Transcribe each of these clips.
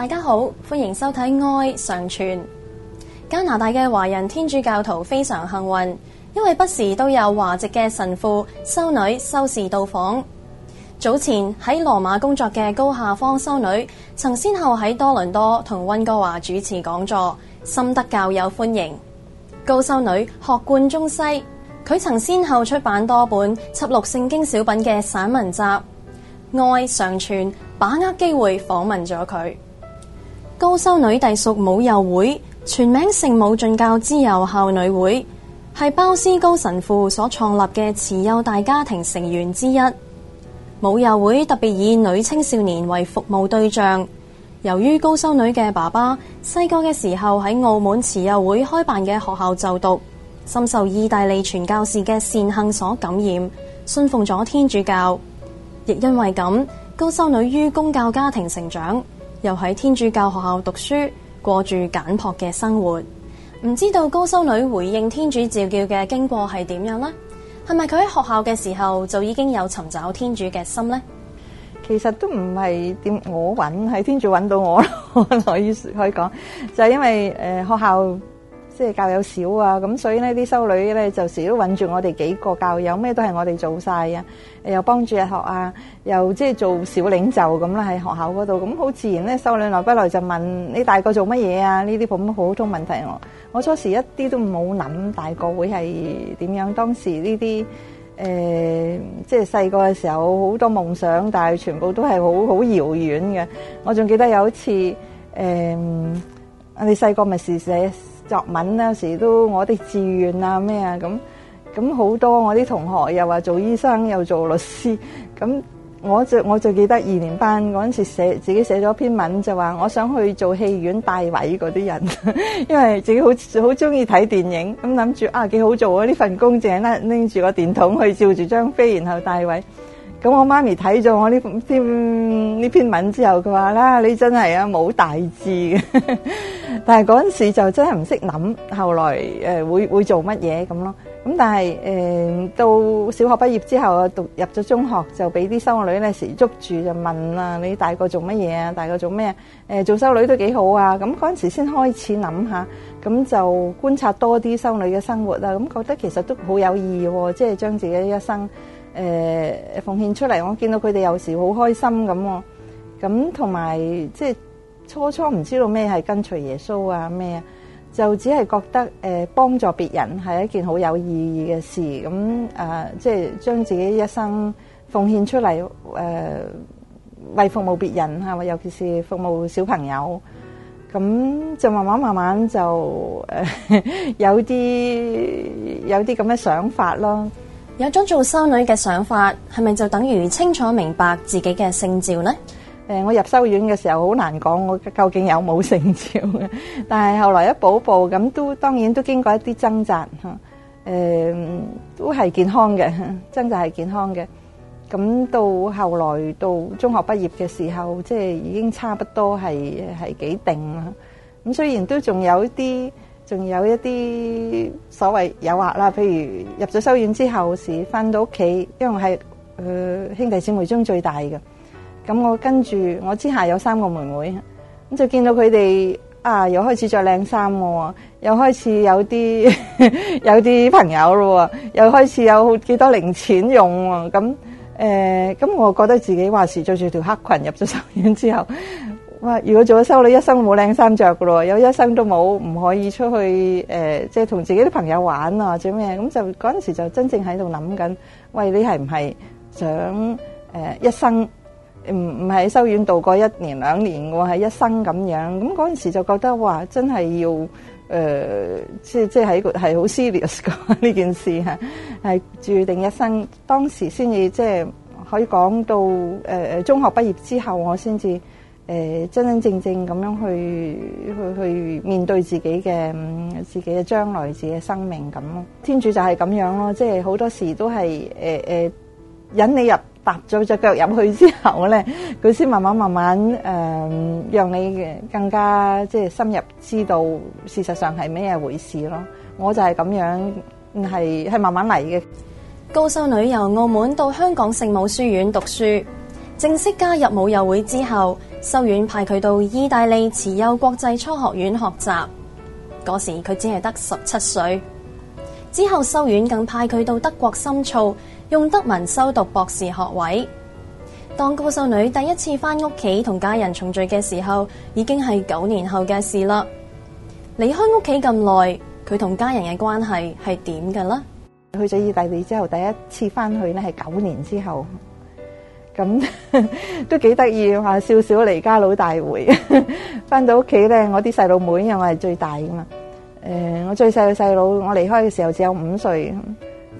大家好，歡迎收睇《愛常傳》。加拿大嘅華人天主教徒非常幸運，因為不時都有華籍嘅神父、修女、修士到訪。早前喺羅馬工作嘅高下方修女，曾先後喺多倫多同温哥華主持講座，深得教友歡迎。高修女學貫中西，佢曾先後出版多本輯錄聖經小品嘅散文集。《愛常傳》把握機會訪問咗佢。高修女隸屬母幼會，全名聖母進教之佑孝女會，係鮑思高神父所創立嘅慈幼大家庭成員之一。母幼會特別以女青少年為服務對象。由於高修女嘅爸爸細個嘅時候喺澳門慈幼會開辦嘅學校就讀，深受意大利傳教士嘅善行所感染，信奉咗天主教。亦因為咁，高修女於公教家庭成長。又喺天主教學校讀書，過住簡樸嘅生活，唔知道高修女回應天主召叫嘅經過係點樣咧？係咪佢喺學校嘅時候就已經有尋找天主嘅心咧？其實都唔係點，我揾係天主揾到我咯，可以可以講，就係、是、因為誒、呃、學校。即係教友少啊，咁所以呢啲修女咧就時都揾住我哋幾個教友咩都係我哋做晒啊，又幫住日學啊，又即係做小領袖咁啦喺學校嗰度咁，好自然咧。修女來不來就問你大個做乜嘢啊？呢啲咁普通問題我我初時一啲都冇諗大個會係點樣。當時呢啲誒即係細個嘅時候好多夢想，但係全部都係好好遙遠嘅。我仲記得有一次誒，我哋細個咪試寫。作文有時都我的志願啊，咩啊咁咁好多。我啲同學又話做醫生，又做律師。咁我就我就記得二年班嗰陣時寫自己寫咗篇文就話我想去做戲院帶位嗰啲人，因為自己好好中意睇電影。咁諗住啊，幾好做啊呢份工，淨係拎拎住個電筒去照住張飛，然後帶位。咁我媽咪睇咗我呢篇呢篇文之後，佢話啦：你真係啊冇大志嘅。呵呵但係嗰陣時就真係唔識諗，後來誒會會做乜嘢咁咯？咁但係誒到小學畢業之後啊，讀入咗中學就俾啲修女咧時捉住就問啊，你大個做乜嘢啊？大個做咩？誒做修女都幾好啊！咁嗰陣時先開始諗下，咁就觀察多啲修女嘅生活啦。咁覺得其實都好有意義喎，即係將自己一生誒奉獻出嚟。我見到佢哋有時好開心咁，咁同埋即係。初初唔知道咩係跟隨耶穌啊咩啊，就只係覺得誒、呃、幫助別人係一件好有意義嘅事，咁誒、呃、即係將自己一生奉獻出嚟誒、呃、為服務別人係咪尤其是服務小朋友，咁就慢慢慢慢就誒、呃、有啲有啲咁嘅想法咯。有種做修女嘅想法，係咪就等於清楚明白自己嘅性照咧？誒，我入修院嘅時候好難講，我究竟有冇成兆嘅。但係後來一步步咁，都當然都經過一啲掙扎嚇，誒都係健康嘅，掙扎係健康嘅。咁到後來到中學畢業嘅時候，即係已經差不多係係幾定啦。咁雖然都仲有一啲，仲有一啲所謂誘惑啦，譬如入咗修院之後時，翻到屋企，因為我係誒兄弟姊妹中最大嘅。咁我跟住，我之下有三個妹妹，咁就見到佢哋啊，又開始著靚衫喎，又開始有啲有啲朋友咯喎，又開始有幾多零錢用喎，咁誒，咁我覺得自己話是著住條黑裙入咗修院之後，哇！如果做咗修女，一生都冇靚衫著噶咯，有，一生都冇唔可以出去誒，即係同自己啲朋友玩啊，或者咩，咁就嗰陣時就真正喺度諗緊，喂，你係唔係想誒一生？唔唔喺修院度過一年兩年，我係一生咁樣。咁陣時就覺得哇，真係要誒、呃、即係即係喺係好 serious 講呢件事吓係注定一生。當時先至即係可以講到誒誒、呃、中學畢業之後我先至誒真真正正咁樣去去去面對自己嘅自己嘅將來自己嘅生命咁咯。天主就係咁樣咯，即係好多時都係誒誒引你入。踏咗隻腳入去之後咧，佢先慢慢慢慢誒，讓你更加即係深入知道事實上係咩回事咯。我就係咁樣，係係慢慢嚟嘅。高修女由澳門到香港聖母書院讀書，正式加入母幼會之後，修院派佢到意大利慈幼國際初學院學習。嗰時佢只係得十七歲，之後修院更派佢到德國深造。用德文修讀博士學位，當高修女第一次翻屋企同家人重聚嘅時候，已經係九年後嘅事啦。離開屋企咁耐，佢同家人嘅關係係點嘅咧？去咗意大利之後，第一次翻去咧係九年之後，咁都幾得意啊！少少離家老大會，翻到屋企咧，我啲細佬妹因為我係最大噶嘛，誒，我最細嘅細佬，我離開嘅時候只有五歲。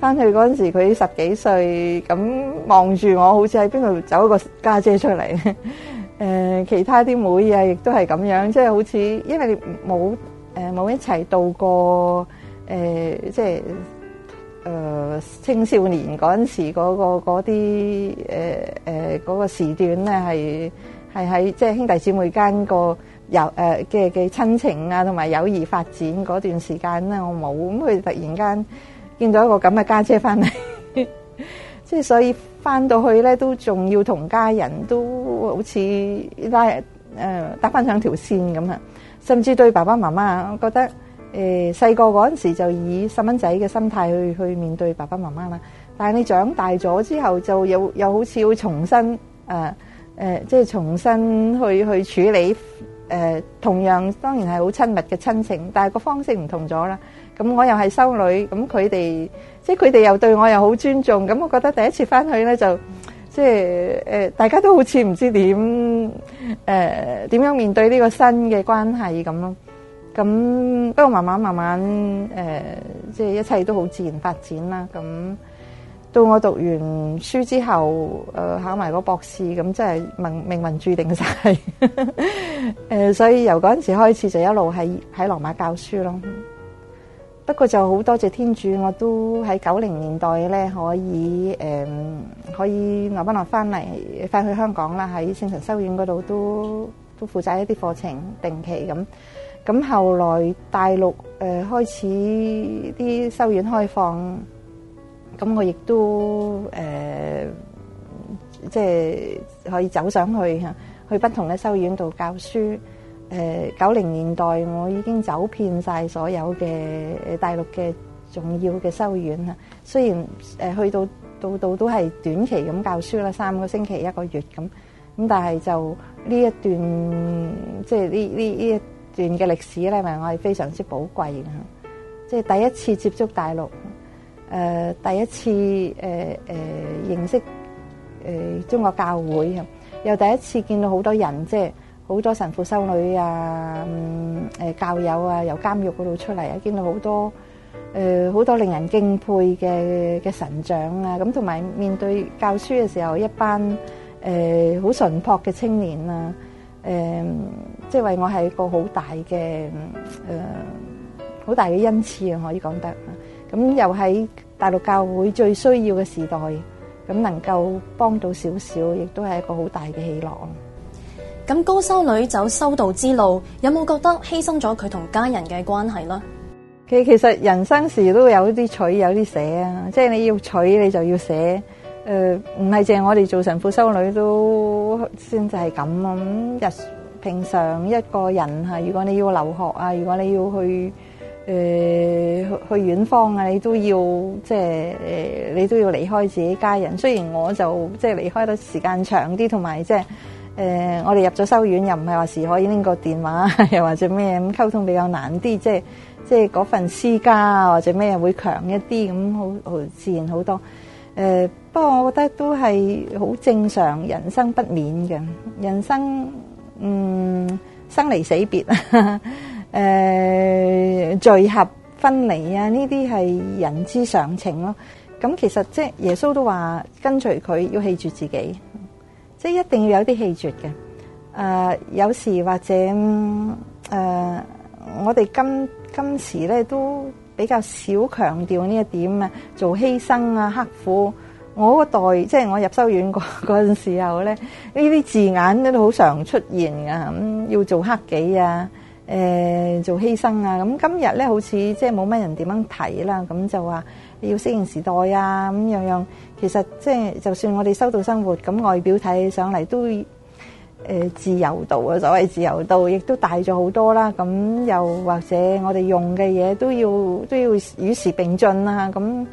翻去嗰陣時，佢十幾歲，咁望住我，好似喺邊度走一個家姐出嚟，呃、其他啲妹啊，亦都係咁樣，即係好似因為冇誒冇一齊度過呃，即係呃青少年嗰陣時嗰個嗰啲呃呃嗰個時段咧，係喺即係兄弟姊妹間個友呃嘅嘅親情啊，同埋友誼發展嗰段時間咧，我冇咁佢突然間。見到一個咁嘅家姐翻嚟，即係所以翻到去咧，都仲要同家人都好似拉、誒搭翻上條線咁啊！甚至對爸爸媽媽啊，我覺得誒細個嗰陣時就以細蚊仔嘅心態去去面對爸爸媽媽啦。但係你長大咗之後，就又又好似要重新誒、誒，即係重新去去處理誒、呃，同樣當然係好親密嘅親情，但係個方式唔同咗啦。咁我又係修女，咁佢哋即係佢哋又對我又好尊重，咁我覺得第一次翻去咧就即係誒，大家都好似唔知點誒點樣面對呢個新嘅關係咁咯。咁不過慢慢慢慢誒，即係一切都好自然發展啦。咁到我讀完書之後，誒考埋個博士，咁即係命命運註定曬。誒，所以由嗰陣時開始就一路係喺羅馬教書咯。不過就好多謝天主，我都喺九零年代咧可以誒，可以留不留翻嚟，翻去香港啦，喺聖神修院嗰度都都負責一啲課程，定期咁。咁、嗯、後來大陸誒、呃、開始啲修院開放，咁、嗯、我亦都誒即係可以走上去去不同嘅修院度教書。誒九零年代，我已經走遍晒所有嘅大陸嘅重要嘅修院啦。雖然、呃、去到到都係短期咁教書啦，三個星期一個月咁，咁但係就呢一段即係呢呢呢一段嘅歷史咧，我係非常之寶貴嘅。即係第一次接觸大陸，呃、第一次、呃呃、認識、呃、中國教會，又第一次見到好多人即係，好多神父修女啊，誒教友啊，由監獄嗰度出嚟啊，見到好多誒好多令人敬佩嘅嘅神長啊，咁同埋面對教書嘅時候，一班誒好純樸嘅青年啊，誒即係為我係一個好大嘅誒好大嘅恩賜啊，可以講得，咁又喺大陸教會最需要嘅時代，咁能夠幫到少少，亦都係一個好大嘅喜樂啊！咁高修女走修道之路，有冇覺得犧牲咗佢同家人嘅關係咧？其其實人生事都有啲取有啲捨啊，即係你要取你就要捨。誒，唔係淨係我哋做神父修女都先至係咁咁日平常一個人吓，如果你要留學啊，如果你要去誒去去遠方啊，你都要即係誒，你都要離開自己家人。雖然我就即係離開得時間長啲，同埋即係。呃、我哋入咗修院又唔係話時可以拎個電話，又或者咩咁溝通比較難啲，即係即係嗰份私家，或者咩會強一啲咁，好自然好多、呃。不過我覺得都係好正常，人生不免嘅人生，嗯，生離死別啊、呃，聚合分離啊，呢啲係人之常情咯。咁、啊、其實即係耶穌都話，跟隨佢要棄住自己。即係一定要有啲氣節嘅，誒，有時或者誒，我哋今今時咧都比較少強調呢一點啊，做犧牲啊，刻苦。我個代，即係我入修院嗰嗰陣時候咧，呢啲字眼咧都好常出現嘅，咁要做克己啊，誒，做犧牲啊。咁今日咧好似即係冇乜人點樣睇啦，咁就話要適應時代啊，咁樣樣。其實即係，就算我哋收到生活，咁外表睇上嚟都誒自由度啊，所謂自由度亦都大咗好多啦。咁又或者我哋用嘅嘢都要都要與時並進啦。咁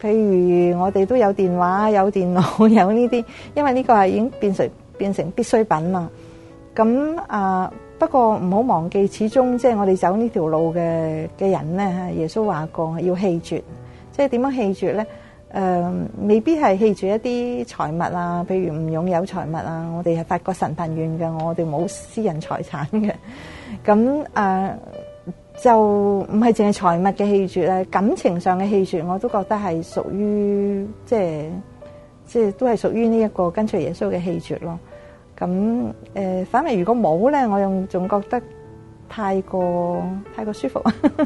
譬如我哋都有電話、有電腦、有呢啲，因為呢個係已經變成變成必需品啦。咁啊，不過唔好忘記，始終即係我哋走呢條路嘅嘅人咧，耶穌話過要棄絕，即係點樣棄絕咧？誒、呃、未必係棄住一啲財物啊，譬如唔擁有財物啊，我哋係法國神貧院嘅，我哋冇私人財產嘅。咁誒、呃、就唔係淨係財物嘅棄絕啦，感情上嘅棄絕我都覺得係屬於即係即係都係屬於呢一個跟隨耶穌嘅棄絕咯。咁誒、呃、反而如果冇咧，我仲仲覺得太過太過舒服。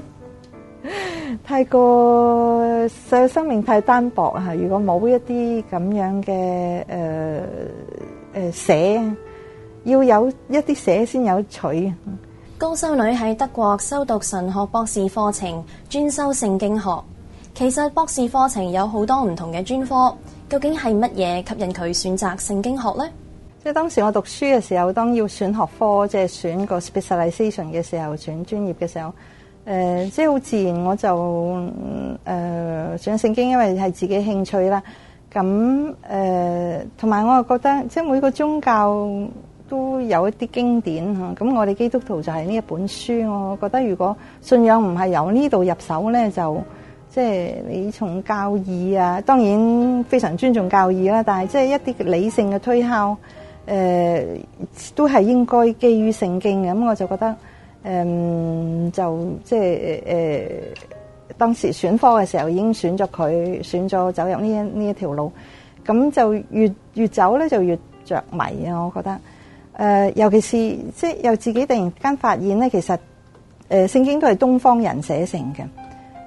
太過，生命太單薄吓。如果冇一啲咁樣嘅誒誒寫，要有一啲寫先有趣。高修女喺德國修讀神學博士課程，專修聖經學。其實博士課程有好多唔同嘅專科，究竟係乜嘢吸引佢選擇聖經學呢？即係當時我讀書嘅時候，當要選學科，即係選個 specialization 嘅時候，選專業嘅時候。誒、呃，即係好自然，我就誒，想、呃、聖經，因為係自己興趣啦。咁誒，同、呃、埋我又覺得，即係每個宗教都有一啲經典吓。咁、啊、我哋基督徒就係呢一本書，我覺得如果信仰唔係由呢度入手咧，就即係你從教義啊，當然非常尊重教義啦。但係即係一啲理性嘅推敲，誒、呃，都係應該基於聖經嘅。咁我就覺得。誒、嗯，就即係誒，當時選科嘅時候已經選咗佢，選咗走入呢一呢一條路，咁就越越走咧就越着迷啊！我覺得，誒、呃，尤其是即係又自己突然間發現咧，其實誒，聖、呃、經都係東方人寫成嘅，誒、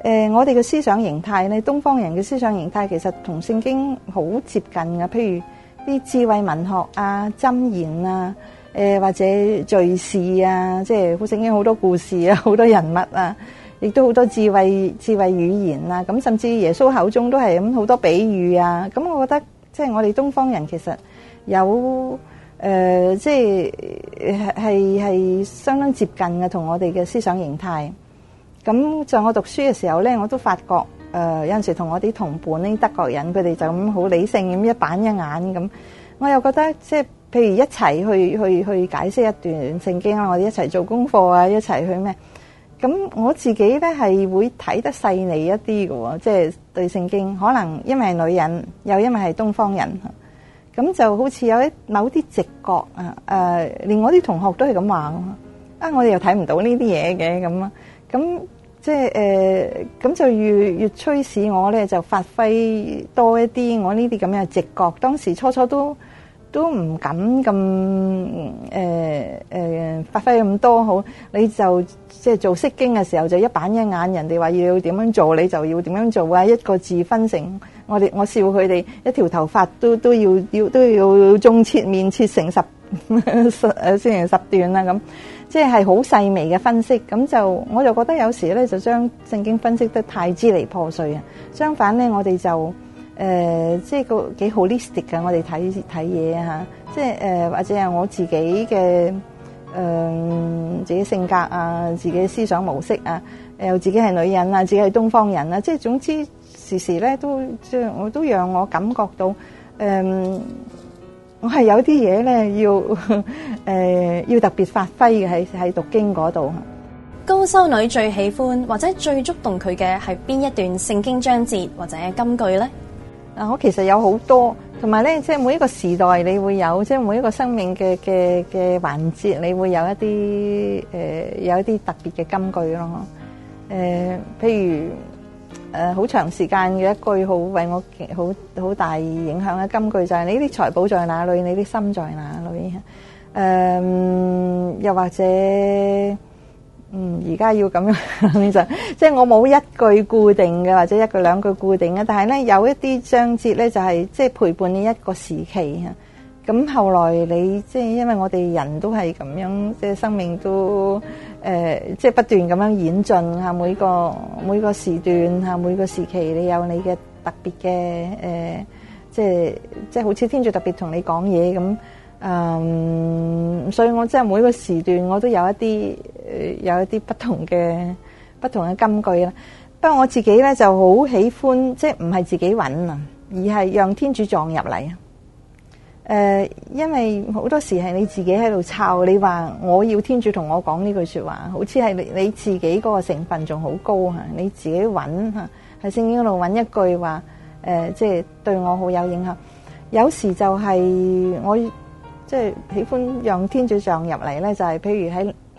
呃，我哋嘅思想形態咧，東方人嘅思想形態其實同聖經好接近嘅，譬如啲智慧文學啊、箴言啊。誒或者敘事啊，即係好正經，好多故事啊，好多人物啊，亦都好多智慧智慧語言啊。咁甚至耶穌口中都係咁好多比喻啊。咁我覺得即係我哋東方人其實有誒、呃，即係係係相當接近嘅同我哋嘅思想形態。咁就我讀書嘅時候咧，我都發覺誒、呃、有陣時同我啲同伴呢，德國人，佢哋就咁好理性咁一板一眼咁，我又覺得即係。譬如一齊去去去解釋一段聖經啊，我哋一齊做功課啊，一齊去咩？咁我自己咧係會睇得細膩一啲嘅喎，即係對聖經可能因為係女人，又因為係東方人，咁就好似有一某啲直覺啊，誒、呃，連我啲同學都係咁話啊，我哋又睇唔到呢啲嘢嘅咁啊，咁即係誒，咁、就係呃、就越越趨使我咧就發揮多一啲我呢啲咁樣嘅直覺。當時初初都。都唔敢咁誒誒發揮咁多好，你就即係、就是、做釋經嘅時候，就一板一眼。人哋話要點樣做，你就要點樣做啊！一個字分成，我哋我笑佢哋一條頭髮都都要都要都要縱切面切成十誒，成十，十，十，十，十段啦咁。即係係好細微嘅分析，咁就我就覺得有時咧就將聖經分析得太支離破碎啊。相反咧，我哋就。誒、呃，即係個幾 holistic 嘅，我哋睇睇嘢嚇，即係誒、呃、或者係我自己嘅誒自己性格啊，自己，自己思想模式啊，又自己係女人啊，自己係東方人啊，即係總之時時咧都即係我都讓我感覺到誒、呃，我係有啲嘢咧要誒、呃、要特別發揮嘅喺喺讀經嗰度。高修女最喜歡或者最觸動佢嘅係邊一段聖經章節或者金句咧？啊！我其實有好多，同埋咧，即係每一個時代你會有，即係每一個生命嘅嘅嘅環節，你會有一啲誒，有一啲特別嘅金句咯。誒，譬如誒好長時間嘅一句好為我好好大影響嘅金句就係：你啲財寶在哪裏？你啲心在哪裏？誒，又或者。嗯，而家要咁樣 就即係我冇一句固定嘅，或者一句兩句固定嘅。但係咧有一啲章節咧就係即係陪伴你一個時期啊。咁後來你即係因為我哋人都係咁樣，即係生命都誒，即係不斷咁樣演進嚇，每個每個時段嚇每個時期，你有你嘅特別嘅誒，即係即係好似天主特別同你講嘢咁。嗯，所以我即係每個時段我都有一啲。有一啲不同嘅不同嘅金句啦，不過我自己咧就好喜歡，即係唔係自己揾啊，而係讓天主撞入嚟啊。誒、呃，因為好多時係你自己喺度抄，你話我要天主同我講呢句說話，好似係你你自己嗰個成分仲好高啊，你自己揾吓，喺聖經度揾一句話，誒、呃，即係對我好有影響。有時就係我即係喜歡讓天主撞入嚟咧，就係譬如喺。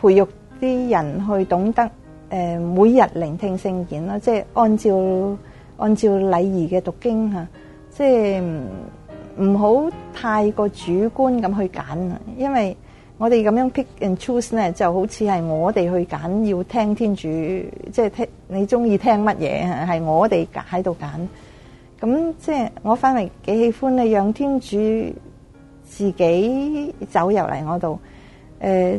培育啲人去懂得，誒，每日聆聽聖言啦，即係按照按照禮儀嘅讀經吓，即係唔好太過主觀咁去揀，因為我哋咁樣 pick and choose 咧，就好似係我哋去揀要聽天主，即係聽你中意聽乜嘢吓，係我哋喺度揀，咁即係我反而幾喜歡咧，讓天主自己走入嚟我度，誒。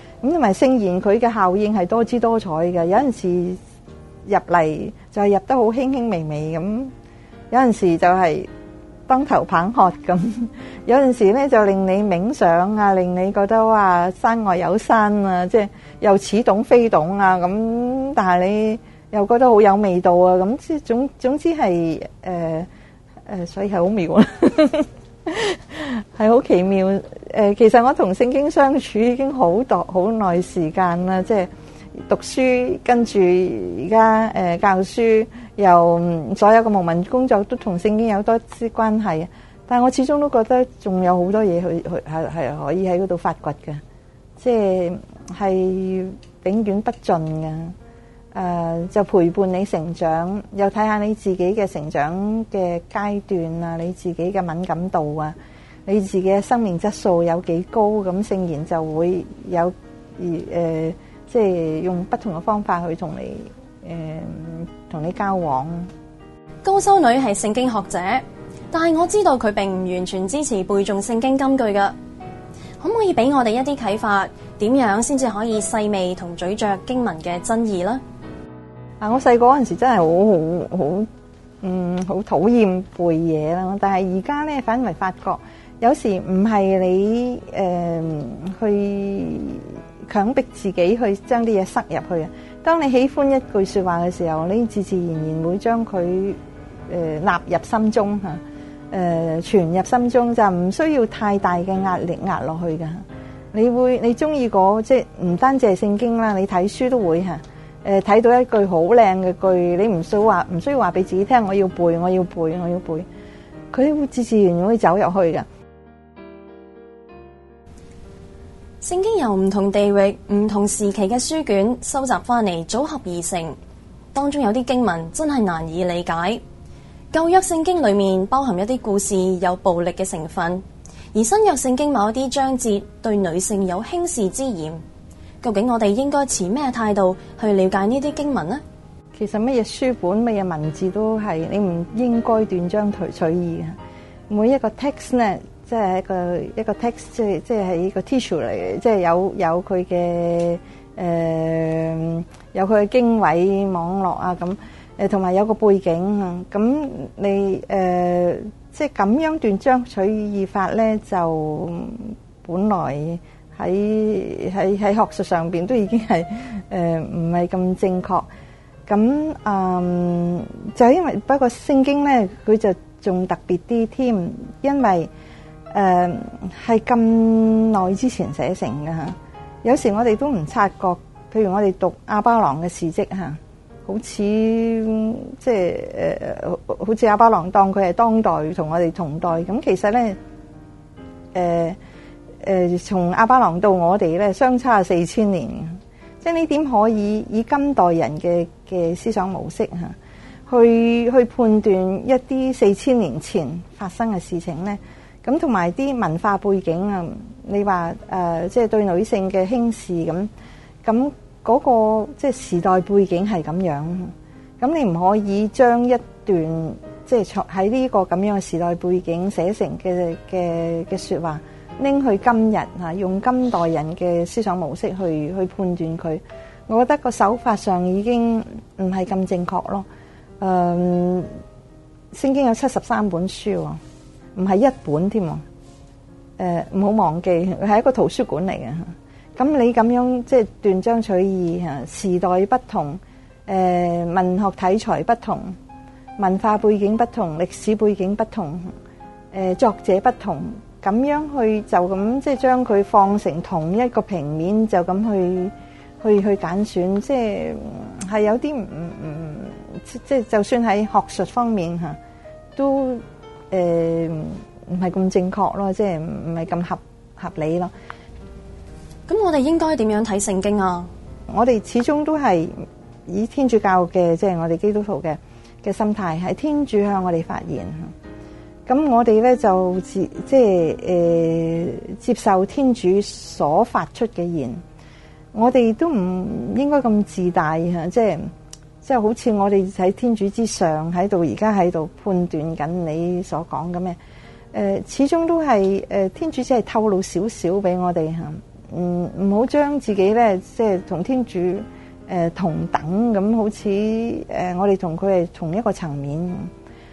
咁同埋聖賢佢嘅效應係多姿多彩嘅，有陣時入嚟就係入得好輕輕微微咁，有陣時就係當頭棒喝咁，有陣時咧就令你冥想啊，令你覺得啊山外有山啊，即係又似懂非懂啊咁，但係你又覺得好有味道啊咁，總總之係呃、呃、所以係好妙。 係好奇妙誒、呃，其實我同聖經相處已經好多好耐時間啦。即係讀書跟住而家誒教書，又所有嘅牧民工作都同聖經有多啲關係。但係我始終都覺得仲有好多嘢去去係係可以喺嗰度發掘嘅，即係係永遠不盡噶。誒、呃，就陪伴你成長，又睇下你自己嘅成長嘅階段啊，你自己嘅敏感度啊。你自己嘅生命質素有幾高，咁聖言就會有而誒、呃，即係用不同嘅方法去同你誒同、呃、你交往。高修女係聖經學者，但係我知道佢並唔完全支持背誦聖經金句嘅，可唔可以俾我哋一啲啟發？點樣先至可以細味同咀嚼經文嘅真義咧？嗱，我細個嗰陣時真係好好好，嗯，好討厭背嘢啦，但係而家咧，反而係發覺。有時唔係你誒、呃、去強迫自己去將啲嘢塞入去啊！當你喜歡一句說話嘅時候，你自自然然會將佢誒納入心中吓，誒、呃、傳入心中就唔、是、需要太大嘅壓力壓落去噶。你會你中意嗰，即係唔單止係聖經啦，你睇、就是、書都會吓，誒、呃、睇到一句好靚嘅句，你唔需要話唔需要話俾自己聽，我要背，我要背，我要背，佢會自自然然會走入去噶。聖經由唔同地域、唔同時期嘅書卷收集翻嚟組合而成，當中有啲經文真係難以理解。舊約聖經裏面包含一啲故事有暴力嘅成分，而新約聖經某一啲章節對女性有輕視之嫌。究竟我哋應該持咩態度去了解呢啲經文呢？其實乜嘢書本、乜嘢文字都係你唔應該斷章取取義嘅。每一個 text 呢？即係一個一個 text，即係即係係一個 teacher 嚟嘅，即係有有佢嘅誒，有佢嘅、呃、經緯網絡啊，咁誒同埋有個背景啊。咁你誒、呃、即係咁樣斷章取義法咧，就本來喺喺喺學術上邊都已經係誒唔係咁正確。咁嗯就因為不過聖經咧，佢就仲特別啲添，因為。誒係咁耐之前寫成嘅嚇，有時我哋都唔察覺。譬如我哋讀阿巴郎嘅事蹟嚇，好似即係、呃、好似阿巴郎當佢係當代同我哋同代咁，其實咧、呃呃、從阿巴郎到我哋咧，相差四千年，即係你點可以以今代人嘅嘅思想模式去去判斷一啲四千年前發生嘅事情咧？咁同埋啲文化背景啊，你話誒，即係對女性嘅輕視咁，咁嗰個即係時代背景係咁樣，咁你唔可以將一段即係喺呢個咁樣嘅時代背景寫成嘅嘅嘅說話，拎去今日吓，用今代人嘅思想模式去去判斷佢，我覺得個手法上已經唔係咁正確咯。誒，聖經有七十三本書喎。唔係一本添，誒，唔好忘記，係一個圖書館嚟嘅。咁你咁樣即係斷章取義吓，時代不同，誒、呃、文學體裁不同，文化背景不同，歷史背景不同，誒、呃、作者不同，咁樣去就咁即係將佢放成同一個平面，就咁去去去揀選，即係係有啲唔唔即係就算喺學術方面吓都。誒，唔係咁正確咯，即係唔係咁合合理咯。咁我哋應該點樣睇聖經啊？我哋始終都係以天主教嘅，即係我哋基督徒嘅嘅心態，係天主向我哋發言。咁我哋咧就接，即係誒、呃，接受天主所發出嘅言。我哋都唔應該咁自大，即係。即係好似我哋喺天主之上，喺度而家喺度判斷緊你所講嘅咩？誒、呃，始終都係誒、呃，天主只係透露少少俾我哋吓，唔唔好將自己咧，即係同天主誒、呃、同等咁，好似誒、呃，我哋同佢係同一個層面。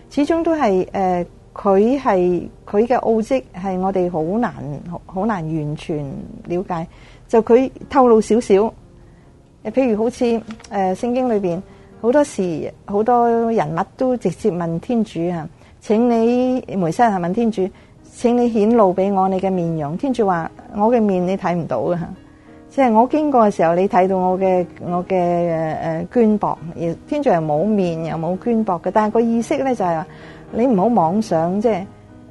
始終都係誒，佢係佢嘅奧迹，係我哋好難好難完全了解。就佢透露少少，誒，譬如好似誒，聖經裏邊。好多時好多人物都直接問天主請你梅西亞問天主：請你顯露俾我你嘅面容。天主話：我嘅面你睇唔到嘅，即係我經過嘅時候你睇到我嘅我嘅誒誒肩膊。天主又冇面又冇肩薄嘅，但係個意識咧就係話你唔好妄想，即係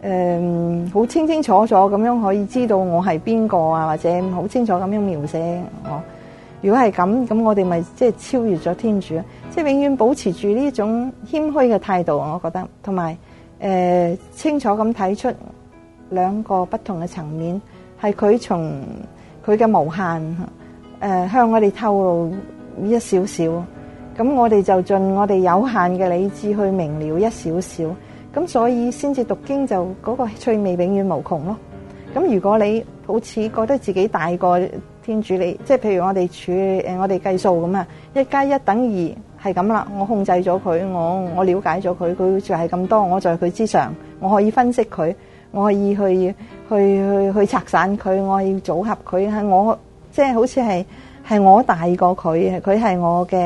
誒好清清楚楚咁樣可以知道我係邊個啊，或者好清楚咁樣描寫我。如果係咁，咁我哋咪即係超越咗天主，即係永遠保持住呢種謙虛嘅態度。我覺得，同埋誒清楚咁睇出兩個不同嘅層面，係佢從佢嘅無限誒向我哋透露一少少，咁我哋就盡我哋有限嘅理智去明了一少少，咁所以先至讀經就嗰個趣味永遠無窮咯。咁如果你好似覺得自己大過天主，你即係譬如我哋處誒，我哋計數咁啊，一加一等二係咁啦。我控制咗佢，我我了解咗佢，佢就係咁多。我在佢之上，我可以分析佢，我可以去去去去拆散佢，我要組合佢。係我即係好似係係我大過佢，佢係我嘅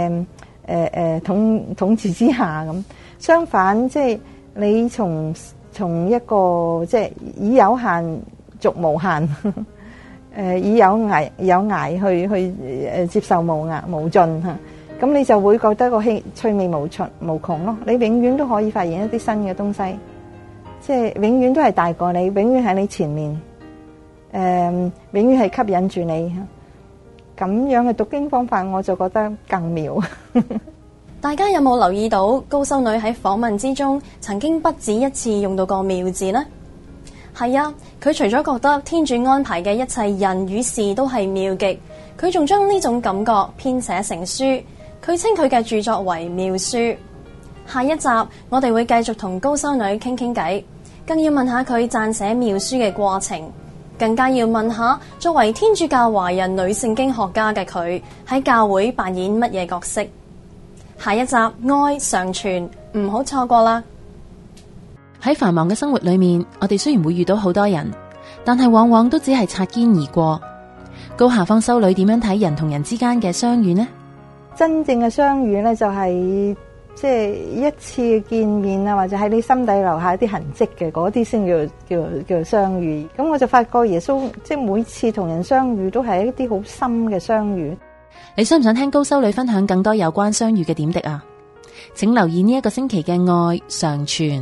誒誒統統治之下咁。相反，即係你從從一個即係以有限。逐無限，誒以有涯有涯去去誒接受無涯無盡，咁你就會覺得個趣趣味無盡無窮咯。你永遠都可以發現一啲新嘅東西，即係永遠都係大過你，永遠喺你前面，誒、嗯、永遠係吸引住你。咁樣嘅讀經方法，我就覺得更妙。大家有冇留意到高修女喺訪問之中，曾經不止一次用到個妙字呢？係啊，佢除咗覺得天主安排嘅一切人與事都係妙極，佢仲將呢種感覺編寫成書。佢稱佢嘅著作為妙書。下一集我哋會繼續同高修女傾傾偈，更要問一下佢撰寫妙書嘅過程，更加要問一下作為天主教華人女聖經學家嘅佢喺教會扮演乜嘢角色。下一集愛常傳，唔好錯過啦！喺繁忙嘅生活裏面，我哋雖然會遇到好多人，但係往往都只係擦肩而過。高夏芳修女點樣睇人同人之間嘅相遇呢？真正嘅相遇呢，就是，就係即係一次見面啊，或者喺你心底留下一啲痕跡嘅嗰啲先叫叫叫相遇。咁我就發覺耶穌即係每次同人相遇都係一啲好深嘅相遇。你想唔想聽高修女分享更多有關相遇嘅點滴啊？請留意呢一個星期嘅愛常傳。